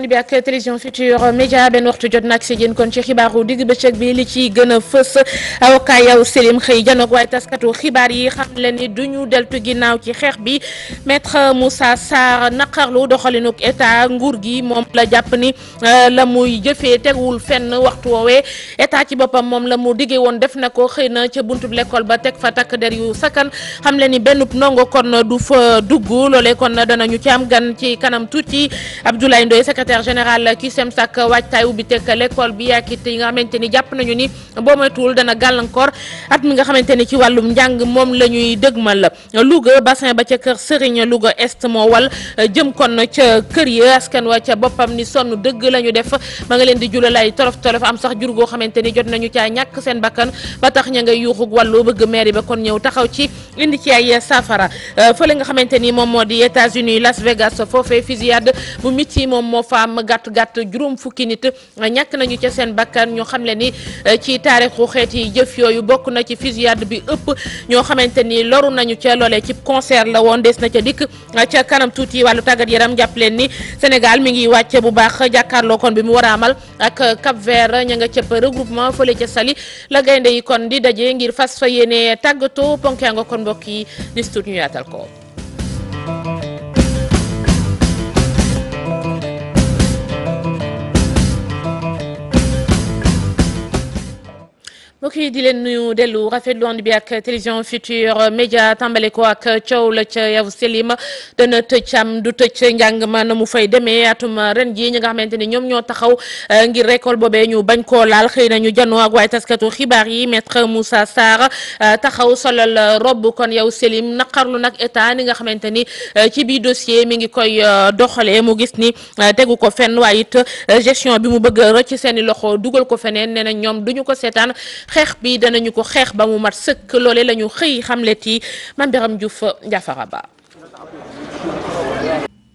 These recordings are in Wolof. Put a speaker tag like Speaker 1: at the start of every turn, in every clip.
Speaker 1: lan bi ak télévision Futurs Médias benn waxtu jot nag si yéen kon ci xibaaru digg bëccëg bi li ci gën a fës avocat yow Selim xëy janoog waaye taskatu xibaar yi xam ni du deltu ginnaaw ci xeex bi maître Moussa Sarr naqarlu doxalinuk état nguur gi moom la jàpp ni euh, la muy jëfee tegwul fenn waxtu woowee état ci boppam moom la mu diggee woon def na ko xëy na ca buntub l'école ba teg fa takk der yu sakkan xam leen ni benn ndongo kon du fa dugg loolee kon danañu ci am gan ci kanam secrétaire général kii Semsak waajtaay ubbi teg l'école bi ak it yi nga xamante jàpp nañu ni boo dana gàllankoor at mi nga xamante ci wàllum njàng moom la ñuy dëgmal Louga bassin ba ca kër Serigne Louga Est moo wal jëm kon ca kër ya askan wa ca boppam ni sonn dëgg la ñu def ma nga leen di julalay tolof tolof am sax jur goo xamante ni jot nañu caa ñàkk seen bakkan ba tax ña ngay yuuxug wàllu bëgg maire ba kon ñëw taxaw ci indi ci ay safara fële nga xamante ni moom moo di états femme gàtt gàtt juróom fukki nit ñàkk nañu ca seen bakkan ñoo xam le ni ci taarixu xeeti jëf yooyu bokk na ci fusillade bi ëpp ñoo xamante ni loru nañu ca loolee ci concert la woon des na ca dikk ca kanam tuuti wàllu tàggat yaram jàpp leen ni Sénégal mi ngi wàcce bu baax jàkkaarloo kon bi mu war a amal ak Cap Vert ña nga cëpp regroupement fële ca sali la gaynde yi kon di daje ngir fas fa yéene tàggatoo ponk yaa nga kon mbokk yi di ñu yaatal mbokk yi di leen nuyu dellu rafet ànd bi ak télévision Futurs média tàmbale ko ak coow la ca Yavu Selim dana tëj am du tëj njàng ma na mu fay demee atum ren ji ñi nga xamante ni ñoom ñoo taxaw eh, ngir récolte boobee ñu bañ koo laal xëy na ñu janoo ak waaye taskatu xibaar yi maître Moussa saar eh, taxaw solal robb kon Yavu Selim naqarlu nag état ni nga xamante ni eh, ci biir dossier mi ngi koy doxalee mu gis ni tegu ko fenn waaye it gestion bi mu bëgg rëcc seen i loxo dugal ko feneen nee na ñoom duñu ko seetaan xeex bi danañu ko xeex ba mu mat sëkk loole la ñu xëy xamle ci Mame Birame Diouf Diafara Ba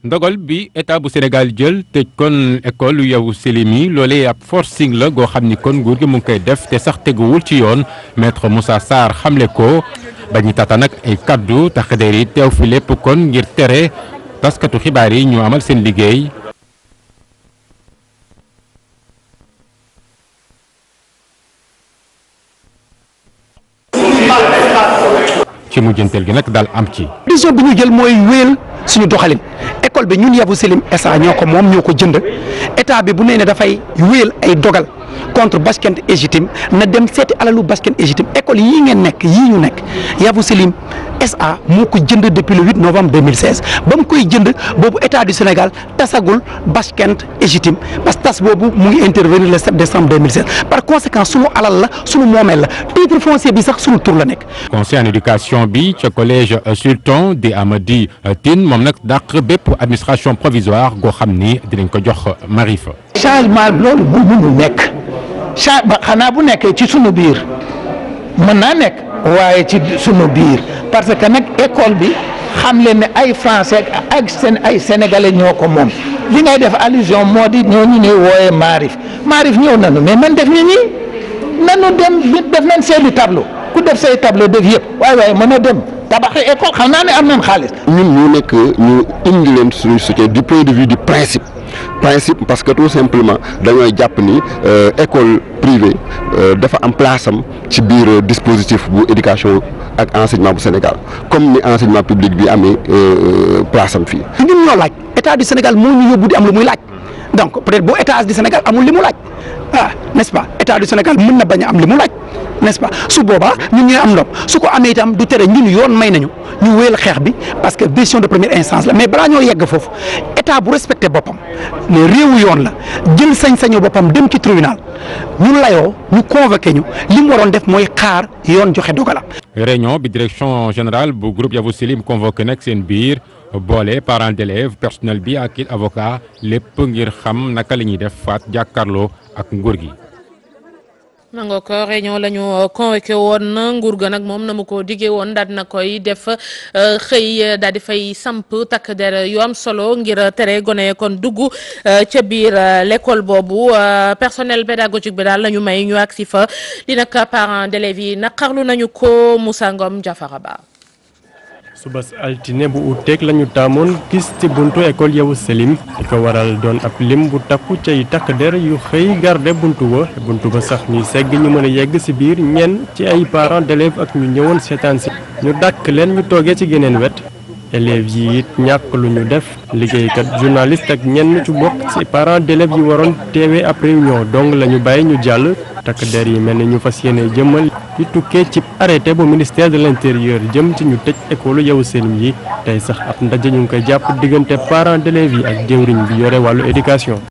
Speaker 2: ndogal bi état bu Sénégal jël tëj kon école Yavuz Selim yi loolee ab forcing la goo xam ni kon nguur gi mu ngi koy def te sax teguwul ci yoon maître Moussa Sarr xamle ko ba ñu tata nag ay kàddu taxadeer yi teew fi lépp kon ngir tere taskatu xibaar yi ñu amal seen liggéey. ci mujjanteel gi nag daal am ci.
Speaker 3: décision bi ñu jël mooy wéyal suñu doxalin école bi ñun Yavuz Selim SA ñoo ko moom ñoo ko jënd état bi bu nee ne dafay wéyal ay dogal. contre Basket légitime na dem seeti alalu Basket légitime école yii ngeen nekk yii ñu nekk Yavuz Selim SA moo ko jënd depuis le novembre ba mu koy jënd boobu état du Sénégal tasagul Basket légitime parce que tas boobu mu ngi intervenir le 7 décembre 2016 par conséquent sunu alal la sunu moomeel la titre foncier bi sax sunu tur la nekk.
Speaker 2: conseil en bi ca collège euh, Sultan di Amady euh, Tine moom nag dàq bépp administration provisoire goo xam ni dinañ ko jox euh, Marifa.
Speaker 3: cha ba xanaa bu nekkee ci suñu biir mën naa nekk waaye ci sunu biir parce que nag école bi xam leen ne ay français ak seen ay sénégalais ñoo ko moom li ngay def allusion moo di ñooñu ñuy wooyee maarif maarif ñëw nanu mais man def ñu ñi nanu dem bi def nañ seeni tableau ku def say tableau def yëpp waaye waaye mën a dem tabaxi école xam naa ne am nañ xaalis.
Speaker 4: ñun ñu nekk ñu indi leen suñu soutien du point de vue
Speaker 5: du principe. principe parce que tout simplement dañooy jàpp ni euh, école privée euh, dafa am place am ci biir euh, dispositif bu éducation ak enseignement bu Sénégal comme ni enseignement public bi amee place am fii.
Speaker 3: ñun ñoo laaj état du Sénégal moo ñu yóbbu di am lu muy laaj donc peut-être bu état du Sénégal amul li mu laaj ah n'est-ce pas état du Sénégal mun na bañ am li mu laaj. n'est-ce pas su boobaa ñun ñooy am ndam su ko amee itam du tere ñun yoon may nañu ñu wéyal xeex bi parce que décision de première instance la mais balaa ñoo yegg foofu état bu respecté boppam mais réewu yoon la jël sañ-sañu boppam dem ci tribunal ñu layoo ñu convoqué ñu li mu waroon def mooy xaar yoon joxe dogalam.
Speaker 2: réunion bi direction générale bu groupe Yavuz Selim convoqué nag seen biir boole parents d'élèves personnel bi ak it avocat lépp ngir xam naka la ñuy def faat jàkkaarloo ak nguur gi.
Speaker 1: nango ko réunion la ñu euh, convoqué woon nguur ga nag moom na mu ko diggee woon daal dina koy def euh, xëy euh, daal di fay samp takk der yu solo ngir tere gone kon dugg ca biir l'école boobu personnel pédagogique bi daal la ñu may ñu agsi fa li nag parents d'élèves yi naqarlu nañu ko Moussa Ngom Jafara Ba
Speaker 6: subas altine bu uteeg lañu taamoon gis ci buntu école Yavuz Selim di ko waral doon ab lim bu takku cay takk der yu xëy garde buntu wa buntu ba sax ñuy segg ñu mën a yegg ci biir ñenn ci ay parents d'élèves ak ñu ñëwoon seetaan si ñu dàkk leen ñu toogee ci geneen wet élèves yi it ñàkk lu ñu def liggéeykat journaliste ak ñenn ci bokk ci parents d'élèves yi waroon teewee ab réunion donc la ñu bàyyi ñu jàll takk der yi mel ni ñu fas yéene jëmmal yi tukkee ci arrêté bu ministère de l'intérieur jëm ci ñu tëj école Yavuz Selim yi tey sax ab ndaje ñu ngi koy jàpp digante parents d'élèves yi ak jëwriñ bi yore wàllu éducation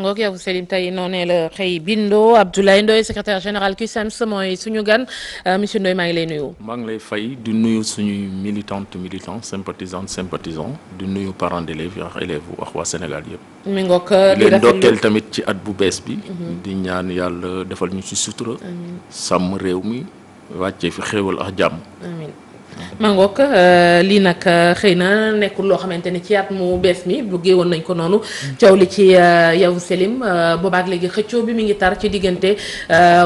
Speaker 1: ngoog yow Selim tey noonee la xëy bindoo Abdoulaye Ndoye secrétaire général CUSEMS mooy suñu gan euh, monsieur Ndoye maa ngi lay nuyu. maa ngi lay fay
Speaker 7: di nuyu suñuy militante militant sympathisant sympathisant di nuyu parents d'élèves ak élèves wax waa Sénégal yëpp.
Speaker 1: mi ngoog euh, di leen ndokkeel
Speaker 7: tamit ci at bu bees bi. Mhm. di ñaan yàlla defal ñu ci sutura. sàmm réew mi wàccee fi xéewal ak jàmm.
Speaker 1: mangook euh, lii nag euh, xëy na nekkul loo xamante ni ci at mu bees mi buggee woon nañ ko noonu mm. coow li ci euh, yow Selim boobaak léegi xëccoo bi mi ngi tar ci diggante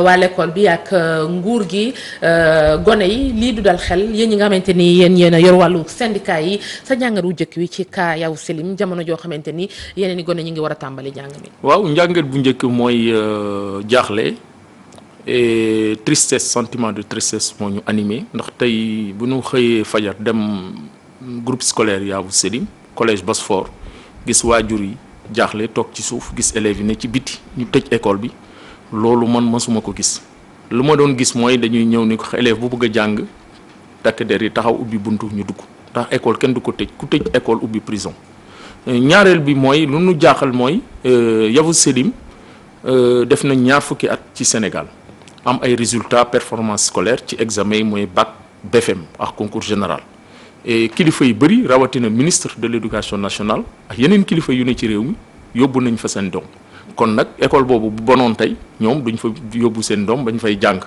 Speaker 1: waa l'école bi ak nguur gi gone yi lii du dal xel yéen ñi nga xamante ni yéen yéen a yor wàllu syndicat yi sa njàngaru jëkk bi ci kaa yow Selim jamono joo xamante ni yeneen i gone ñu ngi war a tàmbali njàng mi
Speaker 7: waaw njàngat bu njëkk mooy jaaxle et tristesse sentiment de tristesse moo ñu animé ndax tey bu ñu xëyee fajar dem groupe scolaire Yavuz Selim collège Bosphore gis waajur yi jaaxle toog ci suuf gis élèves yi ne ci biti ñu tëj école bi loolu man masuma ko gis lu ma doon gis mooy dañuy ñëw ni ko élève bu bëgg a jàng takk der yi taxaw ubbi buntu ñu dugg ndax école kenn du ko tëj ku tëj école ubbi prison euh, ñaareel bi mooy lu nu jaaxal mooy euh, Yavuz Selim euh, def na ñaar fukki at ci Sénégal am ay résultat performance scolaire ci examen yi mooy bac BFM ak concours général et kilifa yu bëri rawatina ministre de l'éducation nationale ak yeneen kilifa yu ne ci réew mi yóbbu nañ fa seen doom kon nag école boobu bu bonoon tey ñoom duñ fa yóbbu seen doom bañ fay jàng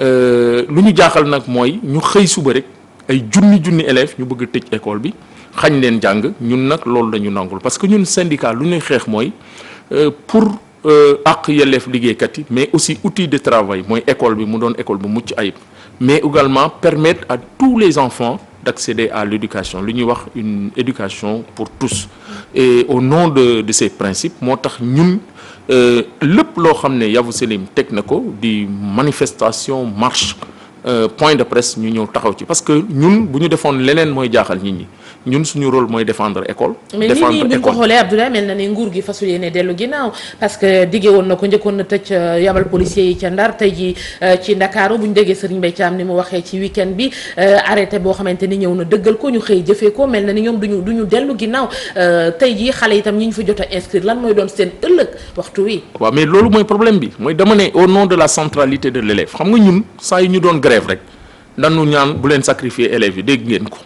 Speaker 7: euh, lu ñu jaaxal nag mooy ñu xëy suba rek ay junni junni élèves ñu bëgg a tëj école bi xañ leen jàng ñun nag loolu la nangul parce que ñun syndicat lu ñuy xeex mooy euh, pour. Euh, àq yelleef liggéeykat yi mais aussi outil de travail mooy école bi mu doon école bu mucc ayib mais également permettre à tous les enfants d'accéder à l'éducation lu ñuy wax une éducation pour tous et au nom de de ces principes moo tax ñun euh, lépp loo xam ne Yavuz Selim teg na ko di manifestation marche euh, point de presse ñu ñëw taxaw ci parce que ñun bu ñu defoon leneen mooy jaaxal nit ñi ñun suñu role mooy défendre école. défendre école mais ko xoolee
Speaker 1: Abdoulaye mel na ni nguur gi fasu yéene dellu ginnaaw parce que diggé woon na ko njëkkoon na tëj euh, yabal policiers yi ca Ndar tey ji euh, ci Ndakaaru bu ñu déggee Serigne Mbaye Thiam ni mu waxee ci week-end bi euh, arrêté boo xamante ni ñëw na dëggal ko ñu xëy jëfee ko mel na ni ñoom duñu duñu dellu ginnaaw tey jii xale itam ñi ñu fa jot a inscrire lan mooy doon seen ëllëg waxtu wi.
Speaker 7: waaw mais loolu mooy problème bi mooy dama ne au nom de la centralité de l'élève xam nga ñun saa yi ñu doon grève rek dañu ñaan bu leen sacrifier élèves yi dégg ngeen ko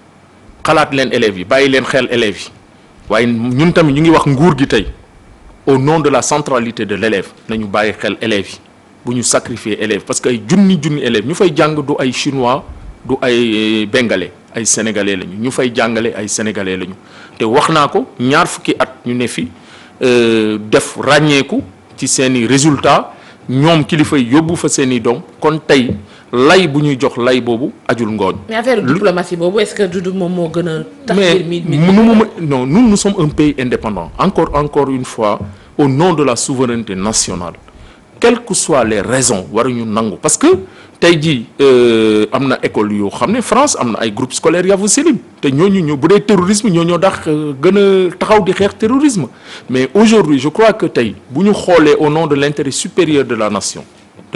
Speaker 7: xalaat leen élèves yi bàyyi leen xel élèves yi waaye ñun tamit ñu ngi wax nguur gi tey au nom de la centralité de l'élève nañu bàyyi xel élèves yi bu ñu sacrifier élèves parce que ay junni junni élèves ñu fay jàng du ay chinois du ay euh, bengalais ay sénégalais lañu ñu fay jàngale ay sénégalais lañu te wax naa ko ñaar fukki at ñu ne fi euh, def ràññeeku ci seeni résultat ñoom kilifa yi yóbbu fa seeni doom kon tey. lay bu ñuy jox lay boobu ajul ngooñ.
Speaker 1: mais affaire diplomatie boobu est-ce que Doudou moom moo gën a. tax mi mais
Speaker 7: non nous nous sommes un encore encore une fois au nom de la souveraineté nationale quelles que soient les raisons waruñu nangu parce que tey jii euh, am na école yoo xam ne France am na ay groupes scolaires Yavuz Selim te ñooñu ñoo bu dee terrorisme ñoo ñoo dax euh, gën a taxaw di xeex terrorisme mais aujourd'hui je crois que tey bu ñu xoolee au nom de l'intérêt supérieur de la nation.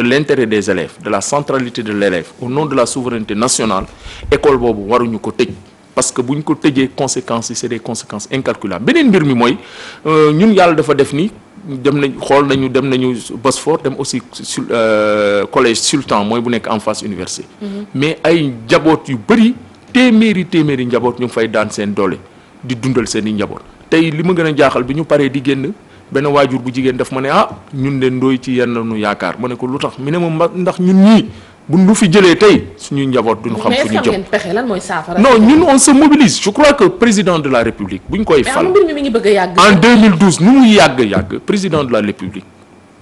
Speaker 7: de l'intérêt des élèves de la centralité de l'élève au nom de la souveraineté nationale école boobu waruñu ko tëj parce que bu ñu ko tëjee conséquences yi c'est des conséquences incalculables beneen mbir mi mooy euh, ñun yàlla dafa def nii dem nañ xool nañu dem nañu Bosphore dem aussi euh, collège Sultan mooy bu nekk en face université mm-hmm. mais ay njaboot yu bëri téeméeri téeméeri njaboot ñu ngi fay daan seen doole di dundal seen i njaboot tey li ma gën a jaaxal bi ñu paree di génn benn waajur bu jigéen daf ma ne ah ñun leen doy ci yenn nu yaakaar ma ne ko lu tax mu ne ma ndax ñun ñii bu nu fi jëlee tey suñu njaboot du duñu xam fu ñu jëm
Speaker 1: pexe lan mooy saafara non ñun
Speaker 7: on se mobilise je crois que président de la république bu ñu koy fal en 2012 nu muy yàgg yàgg président de la république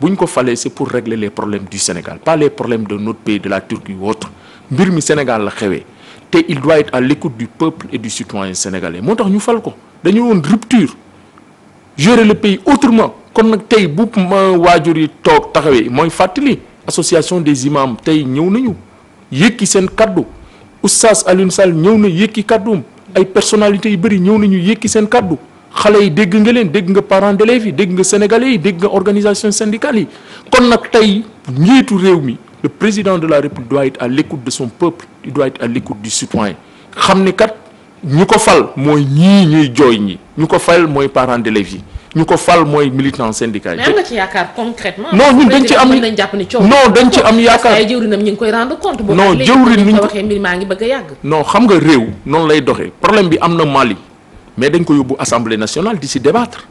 Speaker 7: bu ñu ko falee c'est pour régler les problèmes du Sénégal pas les problèmes de notre pays de la Turquie ou mbir mi Sénégal la xewee te il doit être à l'écoute du peuple et du moo tax ñu fal ko dañu woon rupture gérer le pays autrement kon nag tey bu ma waajur yi toog taxawee mooy fàttali association des imams tey ñëw nañu yëkki seen kaddu oustaz Alioune Sall ñëw na yëkki kadduum ay personnalités yu bëri ñëw nañu yëkki seen kàddu xale yi dégg nga leen dégg nga parents d'élèves yi dégg nga sénégalais yi dégg nga organisation syndicale yi kon nag tey njiitu réew mi le président de la république doit être à l'écoute de son peuple il à l'écoute du citoyen xam ne kat ñu ko fal mooy ñii ñuy jooy ñi ñu ko fal mooy parents d'élèves yi ñu ko fal mooy militant syndicat yi. mais am
Speaker 1: nga ci yaakaar concrètement. non ñun dañ ci am non dañ ci am yaakaar parce ñu ngi koy rendre compte. non jëwrin ñu ko waxee ngi bëgg yàgg.
Speaker 7: non xam nga réew noonu lay doxee problème bi am na Mali mais dañ ko yóbbu assemblée nationale di si débattre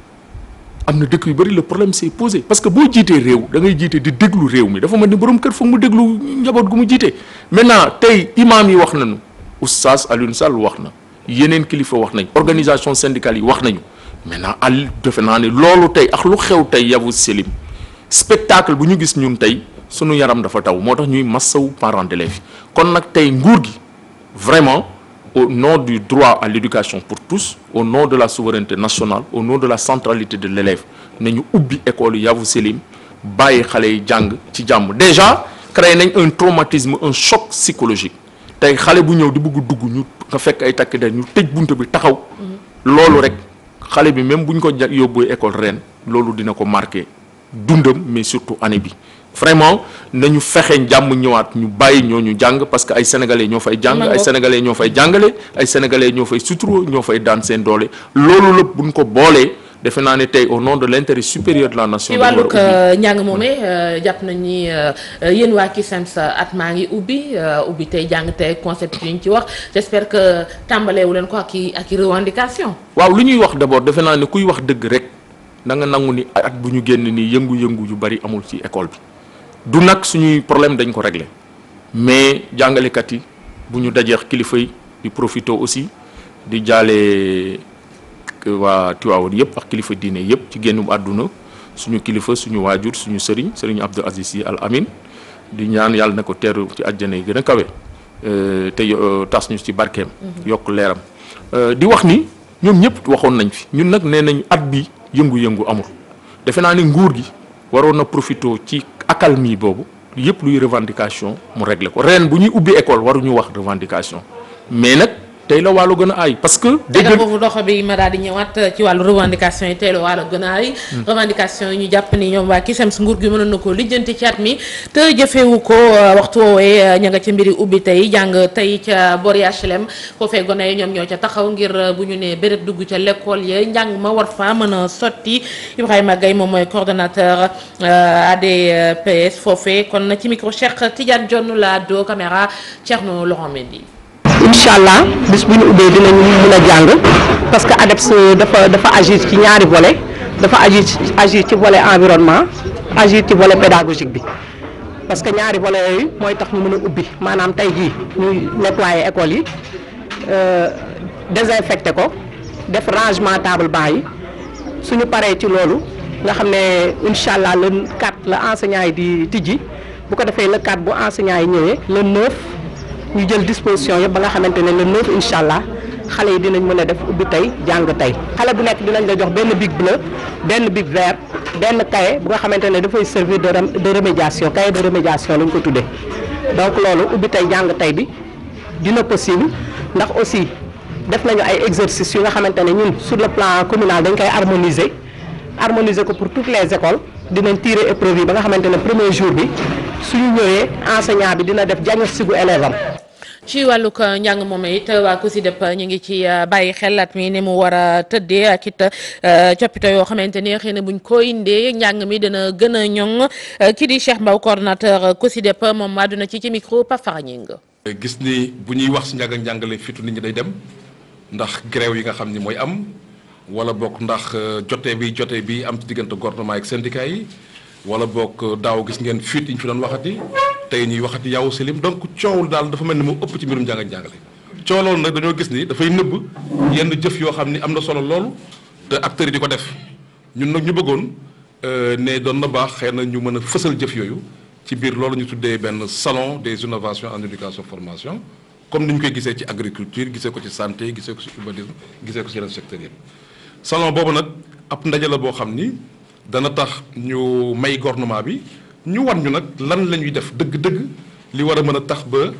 Speaker 7: am na dëkk yu bëri le problème s'est posé parce que boo jiitee réew da ngay jiite di déglu réew mi dafa mel ni borom kër foog mu déglu njaboot gu mu jiitee maintenant tey imaam yi wax nañu oustaz Alioune Sall wax na yeneen kilifa wax nañ organisation syndicale yi wax nañu mais maintenant al defe naa ne loolu tey ak lu xew tey yabu selim spectacle bu ñu gis ñun tey sunu yaram dafa taw moo tax ñuy massawu parents d'élèves kon nag tey nguur gi vraiment au nom du droit à l'éducation pour tous au nom de la souveraineté nationale au nom de la centralité de l'élève ñu ubbi école Yavuz Selim bàyyi xale yi jàng ci jàmm déjà créé nañ un traumatisme un choc psychologique tey xale bu ñëw di bëgg dugg ñu nga fekk ay takk der ñu tëj bunt bi taxaw loolu rek xale bi même bu ñu ko yóbbu école ren loolu dina ko marqué dundam mais surtout année bi vraiment nañu fexe jàmm ñëwaat ñu bàyyi ñoo ñu jàng parce que ay sénégalais ñoo fay jàng ay sénégalais ñoo fay jàngalee ay sénégalais ñoo fay suturo ñoo fay daan seen doole loolu lépp buñ ko boolee defe naa ne tey au non de l' intérêt supérieur de la nation. ci wàllug euh,
Speaker 1: njàng moomee euh, jàpp nañu ni euh, yéen waa CUSEMS at maa ngi ubbi ubbi tey jàng tey concept yi ñu ci wax j' espère que tàmbaleewu leen ko ak i ak i revendication.
Speaker 7: waaw lu ñuy wax d' abord defe naa ne kuy wax dëgg rek na nga nangu ni at bu ñu génn nii yëngu-yëngu yu bari amul ci école bi du nag suñuy problème dañ ko régler mais jàngalekat yi bu ñu dajeex kilifa yi di aussi di jaale. ak waa Tiwaawan yëpp ak kilifa diine yëpp ci génnum àdduna suñu kilifa suñu waajur suñu sëriñ sëriñ Abdou Aziz Sy Al Amin di ñaan yàlla na ko teeru ci àjjana yi gën a kawe euh, te euh, tas ñu ci barkeem. Mhm. yokk leeram euh, di wax ni ñoom ñëpp waxoon nañ fi ñun nag nee nañ at bi yëngu-yëngu amul defe naa ni nguur gi waroon na profité ci accalmie boobu yëpp luy revendication mu réglé ko ren bu ñuy ubbi école waruñu wax revendication mais nag. tey la waalo gën a parce que. dégg
Speaker 1: boobu dox bi ma daal di ñëwaat euh, ci wàllu revendication yi tey la waalo gën a aay. Hmm. revendication ñu jàpp ni ñoom waa CUSEMS nguur gi mënoon na koo lijjanti ci mi te jëfewu ko euh, waxtu woowee euh, ña nga ci mbiri ubbi tey jàng tey ca boori HLM foofee gone yi ñoom ñoo ca taxaw ngir bu ñu nee béréb dugg ca lekkool ya njàng ma war faa mën a sotti Ibrahima Gaye moom mooy coordonnateur ADPS foofee kon na ci micro Cheikh Tidiane jonn la do caméra Thierno
Speaker 8: incha allah bis bu ñu ubbee dinañ mun a jàng parce que ADEPS euh, dafa dafa agir ci ñaari vole dafa agir agir ci volet environnement agir ci volet pédagogique bi parce que ñaari volet yooyu mooy tax mu mën a ubbi maanaam tey jii ñuy nettoyer école yi euh, désinfecté ko def rangement table banc yi suñu paree ci loolu nga xam ne incha allah le 4 la enseignant yi di tijji bu ko defee le 4 bu enseignant yi ñëwee le 9. ñu jël disposition yëpp ba nga xamante ne le 9 incha allah xale yi dinañ mën a def ubbi tey jàng tey xale bu nekk dinañ la jox benn big bleu benn bic vert benn cahier bu nga xamante ne dafay servir de de remédiation cahier de remédiation lañ ko tuddee donc loolu ubbi tey jàng tey bi dina possible ndax aussi def nañu ay exercices yu nga xamante ne ñun sur le plan communal dañ koy harmoniser harmoniser ko pour toutes les écoles dinañ tirer épreuve ba nga xamante ne premier jour bi suñu ñëwee enseignant bi dina def diagnostic gu élève
Speaker 1: ci wàllug njàng moom it waa COSYDEP ñu ngi ci euh, bàyyi xel at mi ne mu war a tëddee ak it euh, coppite yoo xamante ni xëy na buñ ko indee njàng mi dana gën a ñoŋ euh, kii di Cheikh Mbaw si COSYDEP moom àdduna ci ci micro Pape Faragning.
Speaker 9: gis ni bu ñuy wax si njàng ak njàngale fitu nit ñi day dem ndax grève yi nga xam ni mooy am wala bokk ndax jotee bi jotee bi am ci diggante gouvernement ak syndicat yi. wala boog daaw gis ngeen fuite yi ñu fi doon waxati tey ñuy waxati yaw silim donc coowul daal dafa mel ni moo ëpp ci mbirum jàng jàngale coow loolu nag dañoo gis ni dafay nëbb yenn jëf yoo xam ni am na solo loolu te acteurs di ko def ñun nag ñu bëggoon euh, ne doon na baax xëy na ñu mën a fësal jëf yooyu ci biir loolu ñu tuddee benn salon des innovations en éducation formation comme ni ñu koy gisee ci agriculture gisee ko ci santé gisee ko ci urbanisme gisee ko ci yeneen secteurs yi salon boobu nag ab ndaje la boo xam ni dana tax ñu may gouvernement bi ñu wan ñu nag lan la ñuy def dëgg-dëgg li war a mën a tax ba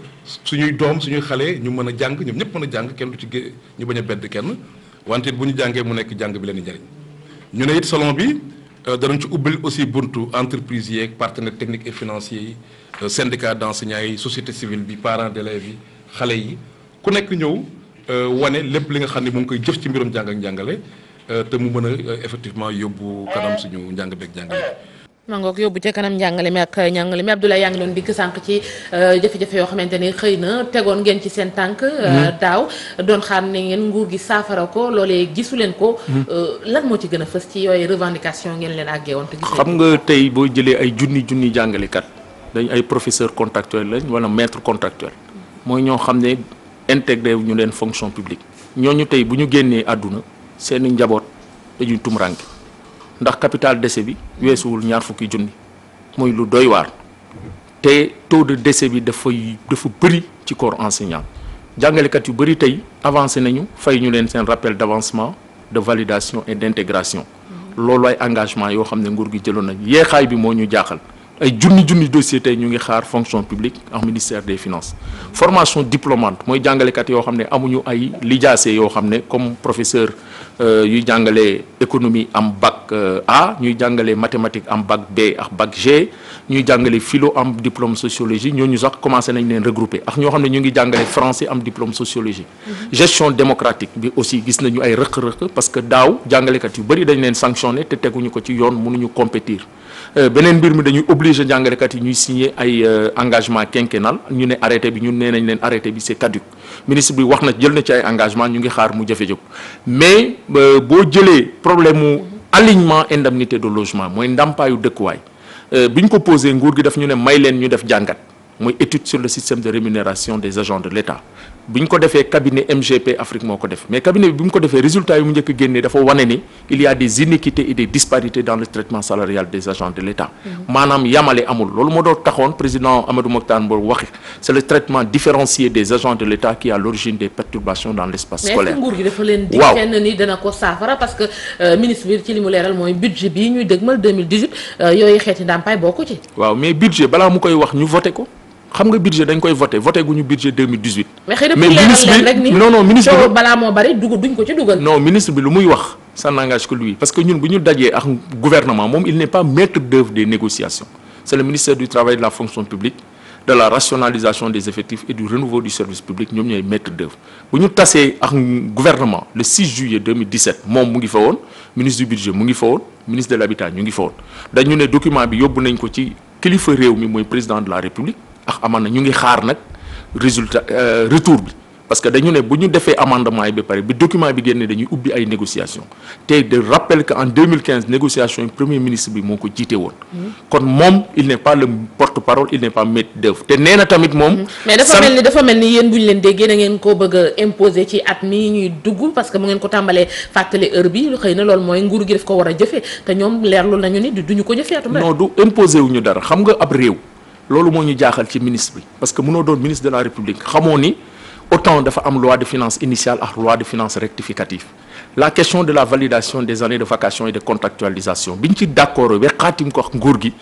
Speaker 9: suñuy doom suñuy xale ñu mën a jàng ñoom ñëpp mën a jàng kenn du ci gé ñu bañ a bedd kenn wante bu ñu jàngee mu nekk jàng bi leen di jariñ ñu ne it salon bi euh, danañ ci ubbil aussi buntu entreprise yeeg partenaires techniques et financiers yi euh, syndicat d'enseignants yi société civile bi de d'élèves yi xale yi ku nekk ñëw euh, wane lépp li nga xam ne mu ngi koy jëf ci mbirum jàng ak Euh, te mu mën a euh, effectivement yóbbu kanam suñu njàng beeg jàngale.
Speaker 1: maa ngoog yóbbu ca kanam njàngale mi ak njàngale mi Abdoulaye yaa ngi doon digg sànq ci euh, jafe-jafe yoo xamante ni xëy na tegoon ngeen ci seen tànk. Mm-hmm. daaw doon xaar ne ngeen nguur gi saafara ko loolee gisu leen ko. Mm-hmm. lan moo ci gën a fës ci yooyu revendication ngeen leen àggee woon. te gis
Speaker 7: xam nga tey boo jëlee ay junni junni jàngalekat dañ ay professeur contractuel lañ wala maître contractuel mooy ñoo xam ne intégré ñu leen fonction seeni njaboot dañuy tumranke ndax capital décès bi weesuwul ñaar fukki junni mooy lu doy waar te taux de décès bi dafay dafa bëri ci corps enseignant jàngalekat yu bëri tey avancé nañu fay ñu leen seen rappel d'avancement de validation et d'intégration loolu ay engagement yoo xam ne nguur gi jëloon nañ yeexaay bi moo ñu jaaxal ay junni junni dossier tey ñu ngi xaar fonction publique ak ministère des finances formation diplômante mooy jàngalekat yoo yuy euh, jàngale économie am bac euh, A ñuy jàngale mathématique am bac B ak bac G ñuy jàngale philo am diplôme sociologie ñooñu sax commencé nañ leen regrouper ak ñoo xam ne ñu ngi jàngale français am diplôme sociologie. Mm-hmm. gestion démocratique bi aussi gis nañu ay rëq-rëq parce que daaw jàngalekat yu bëri dañ leen sanctionné te teguñu ko ci yoon mënuñu compétir. Euh, beneen mbir mi dañuy obligé jàngalekat yi ñuy signer ay engagement quinquennal ñu ne arrêté bi ñun nee nañ leen arrêté bi c'est caduc ministre bi wax na jël na ci ay engagement ñu ngi xaar mu jafe-jafe mais euh, boo jëlee problème mu alignement indemnité de logement mooy ndàmpaayu dëkkuwaay euh, bi ñu ko posé nguur gi daf ñu ne may leen ñu def jàngat mooy étude sur le système de rémunération des agents de l'État bu ñu ko defee cabinet MGP Afrique moo ko def mais cabinet bi bu ñu ko defee résultat yi mu njëkk a génnee dafa wane ni il y a des iniquités et des disparités dans le traitement salarial des agents de l'État mhm. maanaam yamale amul loolu moo doon taxoon président Amadou Mokhtar Mbow wax c'est le traitement différencié des agents de l'État qui est l'origine des perturbations dans l'espace scolaire que nguur
Speaker 1: gi dafa leen di fenn parce que euh, ministre bi ci li mu leeral mooy budget bi ñuy dëgmal 2018 euh,
Speaker 7: wax ñu voté ko xam nga budget dañ koy voté voté gu ñu budget 2018. mais xëy na mais ministre bi non non ministre bi
Speaker 1: balaa moo bari dugg duñ ko ci
Speaker 7: ministre bi lu muy wax ça n'engage que lui parce que ñun bu ñu dajee ak gouvernement moom il n'est pas maître d'œuvre des négociations c'est le ministère du travail et de la fonction publique de la rationalisation des effectifs et du renouveau du service public ñoom ñooy maître d'œuvre bu ñu tasee ak gouvernement le juillet moom mu ngi fa woon ministre ngi fa woon ministre de l'habitat ñu ngi fa woon dañu ne document réew mooy président de la république ax amande ñu ngi xaar nag résultat euh, retour bi parce que dañu ne bu ñu defee amendement yi ba pare bi document bi génne dañuy ubbi ay négociation te de rappel que en 2015 négociation yi premier ministre bi moo ko jiite woon. Mm-hmm. kon moom il n'est pas le porte-parole il n'est pas maître d'œuvre te nee na tamit moom.
Speaker 1: Mm-hmm. mais dafa mel ni dafa mel ni yéen buñ leen déggee da ngeen ko bëgg a ci at mi ñuy dugg parce que mu ngeen ko tàmbalee fàttali heure bi xëy na lool mooy nguur gi ko war a jëfee te ñoom leerlu nañu ni duñu ko jëfee atum non
Speaker 7: du imposer wu xam nga ab réew. loolu moo ñu jaaxal ci ministre bi parce que mënoo doon ministre de la république xamoo ni autant dafa am loi de finances initiale ak loi de finances rectificative la question de la validation des années de vacation et de contractualisation bi ñu ci d'accord ba xaatim ko ak nguur gi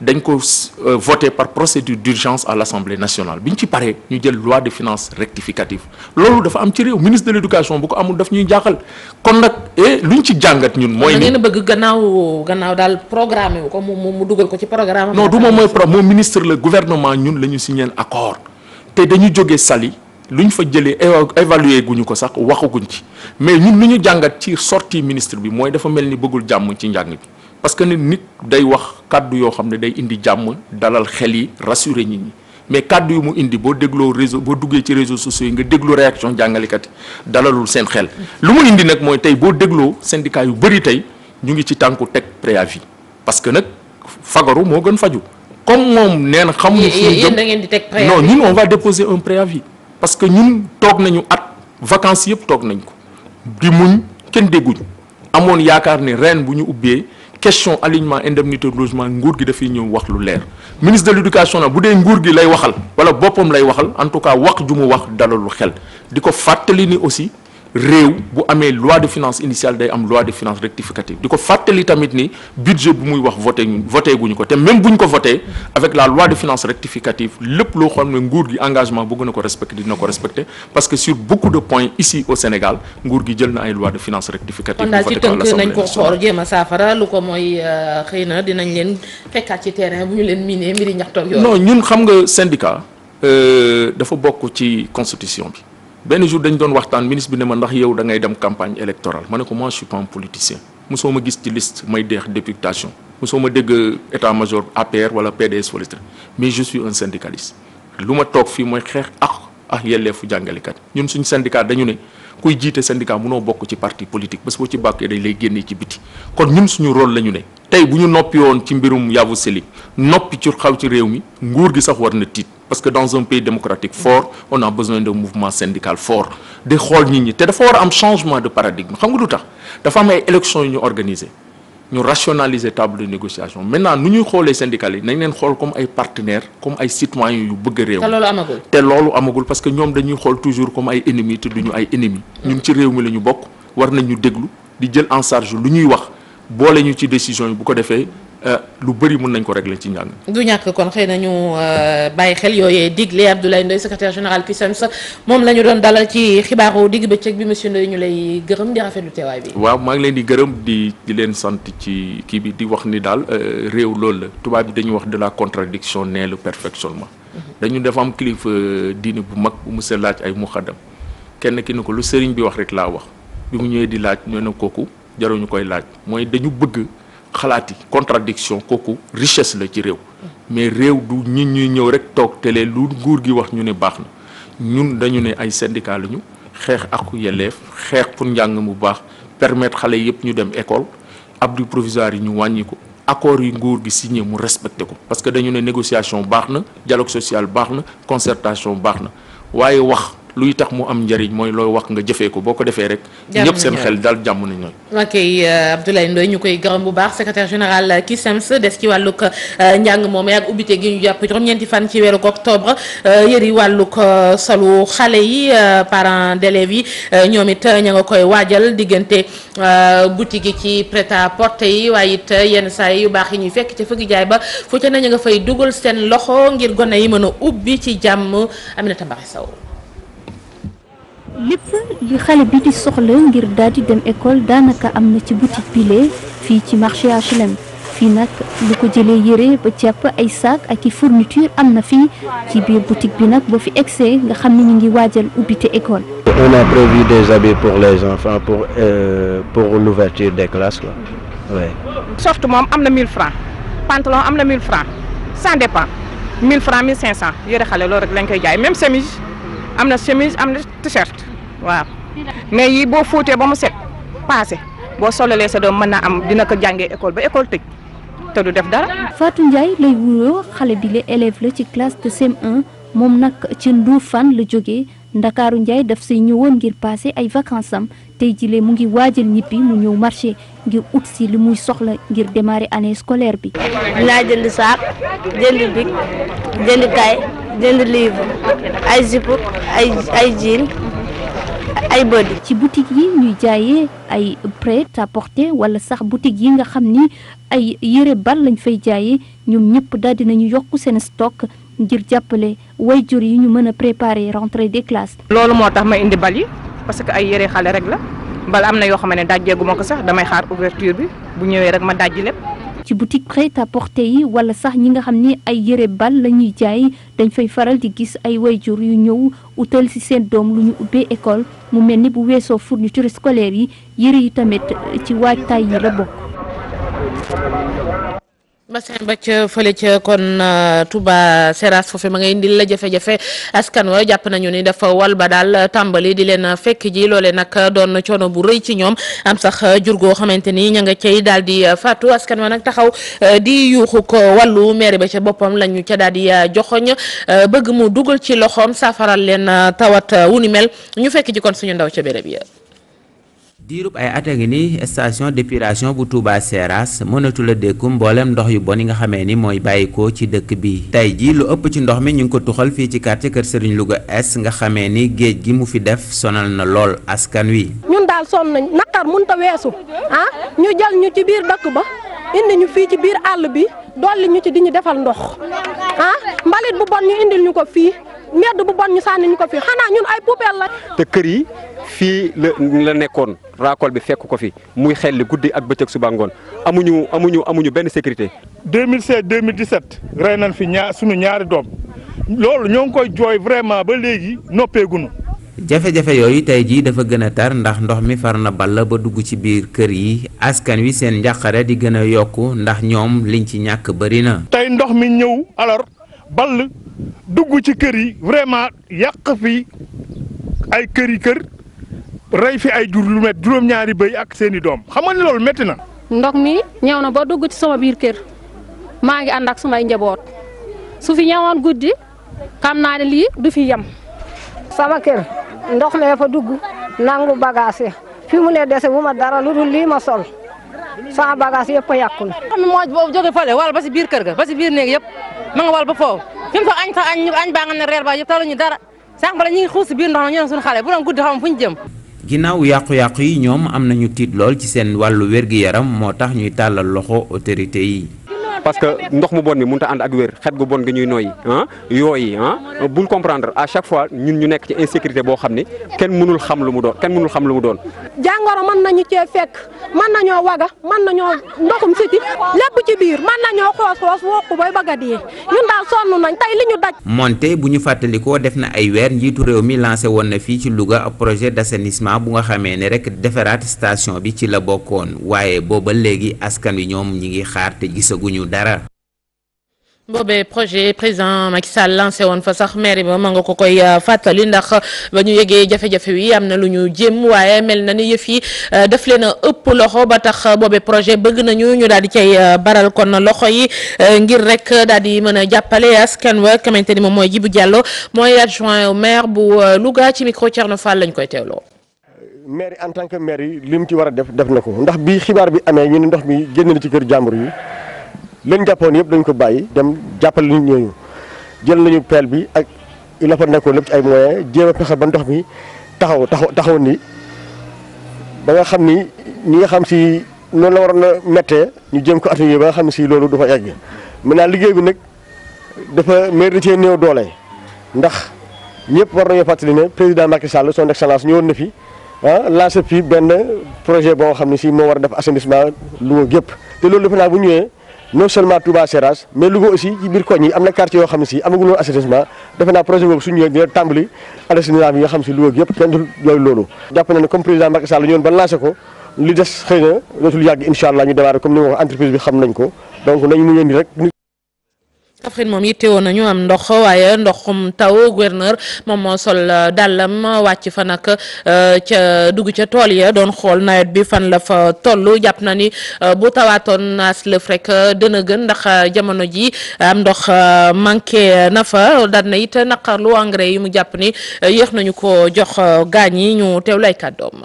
Speaker 7: dañ ko euh, voté par procédure d'urgence à l'Assemblée nationale bi ñu ci paree ñu jël loi de finances rectificative loolu dafa am ci réew ministre de l'éducation bu ko amul daf ñuy jaaxal kon nag et eh, luñ ci jàngat ñun. mooy ni
Speaker 1: da bëgg gannaaw gannaaw daal programme wu ko mu mu dugal ko ci programme. non du moom mooy
Speaker 7: pro moom ministre la gouvernement ñun la ñu signé accord te dañu jógee Saly. lu ñu fa jëlee évaluer guñu ko sax waxaguñ ci mais ñun lu ñu jàngat ci sortie ministre bi mooy dafa mel ni bëggul jàmm ci njàng bi parce que nit day wax kàddu yoo xam ne day indi jàmm dalal xel yi rassurer nit ñi mais kàddu yu mu indi boo dégloo réseau boo duggee ci réseaux sociaux yi nga déglu réaction jàngalekat dalalul seen xel. lu mu indi nag mooy tey boo dégloo syndicat yu bëri tey ñu ngi ci tànku teg préavis parce que nag fagaru moo gën faju comme moom nee na xamuñu fu da
Speaker 1: ngeen teg préavis non ñun
Speaker 7: on va déposer un vi parce que ñun toog nañu at vacance yëpp toog nañ ko di muñ kenn dégguñu amoon yaakaar ne ren bu ñu ubbee. question alignement indemnité logement nguur gi dafay ñëw wax lu leer ministre de l'éducation nag bu dee nguur gi lay waxal wala boppam lay waxal en tout cas wax ju mu wax dalalu xel di ko fàttali ni aussi réew bu amee loi de finances initiale day am loi de finances rectificative di ko fàttali tamit ni budget bu muy wax voté ñu voté guñu ko te même buñ ko voté avec la loi de finances rectificative lépp loo xam ne nguur gi engagement bëgg a ko respecté dina ko respecté parce que sur beaucoup de points ici au Sénégal nguur gi jël na ay loi de finances rectificative. kon daal ci tënk nañ
Speaker 1: a saafara lu ko mooy euh, xëy na dinañ leen fekkaat ci terrain bu ñu leen miinee mbiri ñaxtoog yooyu. non ñun
Speaker 7: xam nga syndicat euh, dafa bokk ci constitution bi. benn jour dañu doon waxtaan ministre bi ne ma ndax yow da ngay dem campagne électorale ma ne ko moi je suis pas un politicien mosoo ma gis ci liste may deex députation mosoo ma dégg état major APR wala PDS wala mais je suis un syndicaliste lu ma toog fii mooy xeex ak ak yelleefu jàngalekat ñun suñ syndicat dañu ne kuy jiite syndicat munoo bokk ci parti politique parce que boo ci bàkkee dañ lay génnee ci biti kon ñun suñu rôle la ñu ne tey bu ñu noppi woon ci mbirum Yavuz Selim noppi ci xaw ci réew mi nguur gi sax war na tiit parce que dans un pays démocratique fort on a besoin d'un mouvement syndical fort di xool nit ñi te dafa war am changement de paradigme xam nga lu tax dafa am ay élections yu ñu organiser ñu rationaliser table de négociation maintenant nu ñuy xoolee syndicats yi nañ leen xool comme ay partenaires comme ay citoyens yu bëgg réew. te loolu amagul loolu amagul parce que ñoom dañuy xool toujours comme ay ennemis te duñu ay ennemis. ñun ci réew mi la ñu bokk war nañ ñu déglu di jël en charge lu ñuy wax boole ñu ci décision yi bu ko defee. Euh, lu bëri mun nañ ko régler ci njàng.
Speaker 1: du ñàkk kon xëy nañu ñu euh, bàyyi xel yooyee digle Abdoulaye Ndoye secrétaire général CUSEMS moom la ñu doon dalal ci xibaaru digg bëccëg bi monsieur Ndoye ñu lay gërëm di rafetlu
Speaker 7: waaw maa ngi leen di gërëm di di leen sant ci kii bi di wax ni daal euh, réew loolu la tubaab bi dañuy wax de la contradiction naît le perfectionnement. Mhm. dañu dafa am kilifa diine bu mag bu mës a laaj ay muxadam kenn ki ne ko lu sëriñ bi wax rek laa wax bi mu ñëwee di laaj ñoo ne kooku jaruñu koy laaj mooy dañu bëgg. xalaat yi contradiction kooku richesse la ci réew mais réew du ñu ñuy ñëw rek toog télé lu nguur gi wax ñu ne baax na ñun dañu ne ay syndicat lañu xeex ak yelleef xeex pour njàng mu baax permettre xale yëpp ñu dem école ab du provisoire yi ñu wàññi ko accord yi nguur gi signé mu respecté ko parce que dañu ne négociation baax na dialogue social baax na concertation baax na waaye wax luy tax mu am njariñ mooy looy wax nga jëfee ko boo ko defee rek. ñëpp seen xel daal jàmm nañ ñooy.
Speaker 1: ok euh, Abdoulaye Ndoye ñu koy garam bu baax secrétaire général CUSEMS euh, des ci wàllug euh, njàng moom ak ubbite gi ñu jàpp juróom-ñeenti fan ci weeru octobre yëri wàllug solu xale yi parent d'élèves yi ñoom it ña nga koy waajal diggante boutique yi ci prêt à yi waaye it yenn saa yu baax yi ñuy fekk ci fëgg jaay ba fu ca nañu nga fay dugal seen loxo ngir gone yi mën a ubbi ci jàmm Aminata Mbaxe Sow
Speaker 10: lépp li xale bi di soxla ngir daal di dem école daanaka am na ci boutique bile fii ci marché HLM fii nag lu ko jëlee yére ba jàpp ay sac ak i fourniture am na fii ci biir boutique bi nag boo fi egsee nga xam ne ñu ngi waajal ubbite école.
Speaker 4: on a prévu des habits pour les enfants pour euh, pour l'ouverture des classes quoi oui.
Speaker 8: soft moom am na 1000 francs pantalon am na 1000 francs ça dépend 1000 francs 1500 yére xale lool rek lañ koy jaay même chemise am na chemise am na t-shirt. waaw mais yii boo fóotee ba mu set paase boo solalee sa doom mën naa am dina ko jànge école ba école tëj te du def dara.
Speaker 10: Fatou Ndiaye lay wuyoo xale bi la élève la ci classe de cm moom nag ci fan la jógee Ndakaaru Ndiaye daf say ñëwoon ngir passé ay vacances am tey jile mu ngi waajal ñibbi mu ñëw marché ngir ut si li muy soxla ngir démarrer année scolaire bi. dinaa jënd saak jënd bic jënd kay jënd livre ay jupe ay ay ay bëri. ci boutique yi ñuy jaayee ay prêt-à-porter wala sax boutique yi nga xam ni ay yére bal lañ fay jaayee ñoom ñëpp daal nañu yokk seen stock ngir jàppale way wayjur yi ñu mën a préparer rentrée des classes.
Speaker 8: loolu moo tax ma indi bal yi parce que ay yëre xale rek la bal am na yoo xam ne dajjeegu ma ko sax damay xaar ouverture bi bu ñëwee rek ma
Speaker 10: dajji lépp. ci boutique prêt à yi wala sax ñi nga xam ni ay yëre bal lañuy jaay dañ fay faral di gis ay wayjur yu ñëw utal ci seen doom luñu ñu ubbee école mu mel ni bu weesoo fourniture scolaire yi yëre yi tamit ci waajtaay yi la bokk
Speaker 1: Bassin ba ca fële ca kon euh, Touba Seras foofu ma ngay indi la jafe-jafe askan wa jàpp nañu ni dafa wal ba daal tàmbali di leen fekk ji loole nag doon coono bu rëy ci ñoom am sax jurgo goo xamante ni ña nga cay daal di euh, faatu askan wa nag taxaw euh, di yuuxu ko wàllu maire ba ca boppam la ñu ca daal di joxoñ bëgg mu dugal ci loxoom saafaral leen tawat wu ni mel ñu fekk ji kon suñu ndaw ca béréb ya
Speaker 11: diirub ay at a ngi ni station d'épuration bu Touba Seras mënatu la dékku mboolem ndox yu bon yi nga xamee ni mooy bàyyikoo ci dëkk bi tey jii lu ëpp ci ndox mi ñu ngi ko tuxal fii ci quartier Kër Serigne Louga Est nga xamee ni géej gi mu fi def sonal na lool askan wi.
Speaker 8: ñun daal sonn nañ naqar mënut weesu ah, ñu jël ñu ci biir dëkk ba indi ñu fii ci biir àll bi dolli ñu ci di ñu defal ndox ah, mbalit bu bon ñu indil ñu ko fii medd bu bon ñu sànni ñu ko fii xanaa
Speaker 9: ñun raakol bi fekk ko fi muy xel li guddi ak bëccëg suba ngoon amuñu amuñu amuñu benn sécurité. 2016 2017 rey nañ fi ñaar suñu ñaari doom
Speaker 12: loolu ñoo ngi koy jooy vraiment ba léegi noppeegunu
Speaker 11: jafe-jafe yooyu tey jii dafa gën a tar ndax ndox mi far na ball ba dugg ci biir kër yi askan wi seen njàqare di gën a yokku ndax ñoom liñ ci ñàkk bëri na.
Speaker 12: tey ndox mi ñëw alors ball dugg ci kër yi vraiment yàq fi ay kër yi kër. rey fi ay jur lu met juróom-ñaari bëy ak seen doom xam nga ne loolu métti na.
Speaker 10: ndox mi
Speaker 1: ñëw na ba dugg ci sama biir kër maa ngi ànd ak sumay njaboot su fi ñëwoon guddi xam naa ne lii du fi yem.
Speaker 8: sama kër ndox mee fa dugg nangu bagage yi fi mu ne dese bu ma dara lu dul lii ma sol sama bagage yëpp a yàqu na. ndox mi moo boobu jóge fële wala ba si biir kër ga ba si biir néeg yëpp ma nga wal ba foofu fi mu añ baa nga ne reer ba yëpp ñu dara sànq bala ñu ngi xuus si biir ndox mi xale bu doon guddi xam ñu jëm.
Speaker 11: ginnaaw yàqu-yàqu yi ñoom am nañu tiit lool ci seen wàllu wér-gi-yaram moo tax ñuy tàllal loxo autorité yi parce que ndox mu bon mi mënut a ànd ak wér xet gu bon gi ñuy nooy ah
Speaker 9: yooyi ah bul comprendre à chaque fois ñun ñu nekk ci insécurité boo xam ne kenn mënul xam lu mu doon
Speaker 2: kenn mënul xam lu mu doon.
Speaker 8: jàngoro mën nañu cee fekk mën nañoo waga mën nañoo ndoxum siti lépp ci biir mën nañoo xoos xoos wokku bay bëgg a ñun daal sonn nañ tey li ñu daj.
Speaker 11: monté bu ñu fàttalikoo def na ay weer njiitu réew mi lancé woon na fii ci Louga ab projet d' assainissement bu nga xamee ne rek defaraat station bi ci la bokkoon waaye booba léegi askan wi ñoom ngi xaar te gisaguñu dara.
Speaker 1: boobee projet président Macky Sall lancé woon fa sax maire ba ma nga ko koy euh, fàttali ndax ba ñu yegee jafe-jafe wi am na lu ñu jéem waaye mel na ni yëf yi euh, daf leen ëpp loxo ba tax boobee projet bëgg nañu ñu daal di cay euh, baral kon loxo yi ngir rek daal di mën a jàppale askan wa xamante ni moom mooy jibu jàlloo mooy adjoint maire bu Louga ci micro na Fall lañ koy teewloo.
Speaker 6: maire en tant que maire yi li mu ci war a def def na ko ndax bi xibaar bi amee ñu ndox mi génn ci kër jàmbur yi. leen jàppoon yëpp dañ ko bàyyi dem jàppale nit ñooñu jël nañu peel bi ak la fa nekkoon lépp ci ay moyens jéem a fexe ba ndox mi taxaw taxaw taxaw ni ba nga xam ni ñi nga xam si noonu la waroon a méttee ñu jéem ko atténuer ba nga xam si loolu du fa yegg naa liggéey bi nag dafa mérite cee new doole ndax ñëpp war nañoo fàttali ne président Macky Sall son excellence ñëwoon na fi ah lancé fi benn projet boo xam ne si moo war a def assainissement Louga gépp te dafa naa bu ñëwee. non seulement Touba Seras mais Louga aussi ci biir koñ yi am na quartier yoo xam ne si amagul woon assainissement defe naa projet boobu suñu ñëwee tàmbali assainissement bi nga xam si Louga yëpp kenn du yooyu loolu jàpp na comme président Macky Sall ñëwoon ba ko li des xëy na yàgg incha allah ñu démarré comme ni ma ko entreprise bi xam nañ ko donc nañ mu ñëw ni rek
Speaker 1: Kaffrine moom yitte yittewoo nañu am ndox waaye ndoxum taw gouverneur moom moo sol euh, dàllam wàcc fa nag euh, ca dugg ca tool ya doon xool nawet bi fan la fa toll jàpp na ni euh, bu tawaatoon naas lëf rek dëna gën ndax jamono ji am ndox manqué na fa daan na it naqarlu engrais yi mu jàpp ni yéex nañu ko jox gaañ yi ñu teew lay kàddoom